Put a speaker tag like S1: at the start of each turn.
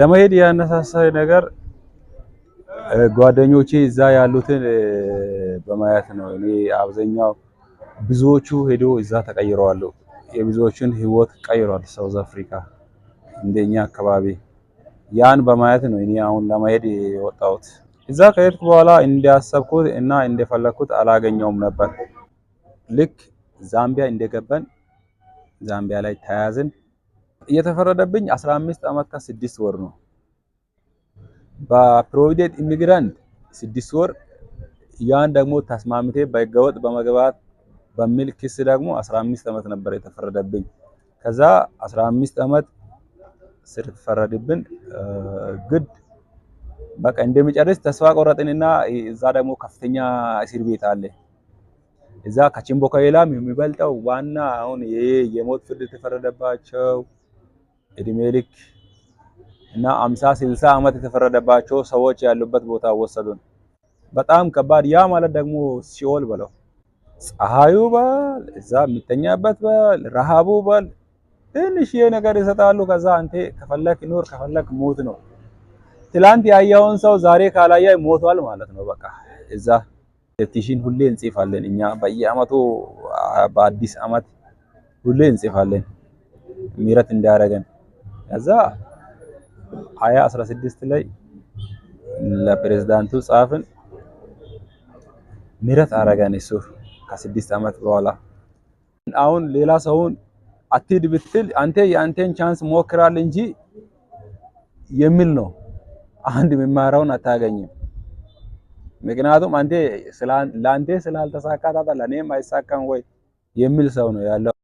S1: ለመሄድ ያነሳሳይ ነገር ጓደኞቼ እዛ ያሉትን በማየት ነው። እኔ አብዛኛው ብዙዎቹ ሄዶ እዛ ተቀይረዋል። የብዙዎቹን ህይወት ቀይሯል። ሳውዝ አፍሪካ እንደኛ አካባቢ ያን በማየት ነው እኔ አሁን ለመሄድ የወጣሁት። እዛ ከሄድኩ በኋላ እንዳሰብኩት እና እንደፈለግኩት አላገኘውም ነበር። ልክ ዛምቢያ እንደገባን ዛምቢያ ላይ ተያያዝን። የተፈረደብኝ 15 ዓመት ከስድስት ወር ነው። በፕሮቪደንት ኢሚግራንት ስድስት ወር ያን ደግሞ ተስማምቴ በህገወጥ በመግባት በሚል ክስ ደግሞ 15 ዓመት ነበር የተፈረደብኝ። ከዛ 15 ዓመት ስትፈረድብን ግድ በቃ እንደሚጨርስ ተስፋ ቆረጥንና እዛ ደግሞ ከፍተኛ እስር ቤት አለ። እዛ ከችምቦ ከሌላም የሚበልጠው ዋና አሁን የሞት ፍርድ የተፈረደባቸው እድሜ ልክ እና አምሳ ስልሳ ዓመት የተፈረደባቸው ሰዎች ያሉበት ቦታ ወሰዱን። በጣም ከባድ። ያ ማለት ደግሞ ሲኦል በለው ፀሐዩ በል እዛ የሚተኛበት በል ረሃቡ በል ትንሽዬ ነገር ይሰጣሉ። ከዛ አንተ ከፈለክ ኑር ከፈለክ ሞት ነው። ትላንት ያየውን ሰው ዛሬ ካላየ ሞቷል ማለት ነው። በቃ እዛ ቴሽን ሁሌ እንጽፋለን እኛ በየአመቱ በአዲስ አመት ሁሌ እንጽፋለን ምህረት እንዳያረገን ከዛ ሀያ አስራ ስድስት ላይ ለፕሬዝዳንቱ ጻፍን። ምህረት አረገን እሱ ከስድስት ዓመት በኋላ አሁን ሌላ ሰውን አትሂድ ብትል አንተ የአንተን ቻንስ ሞክራል እንጂ የሚል ነው። አንድ የሚማራውን አታገኝም። ምክንያቱም አንተ ለአንተ ስላልተሳካ ለእኔም አይሳካም ወይ የሚል ሰው ነው ያለው።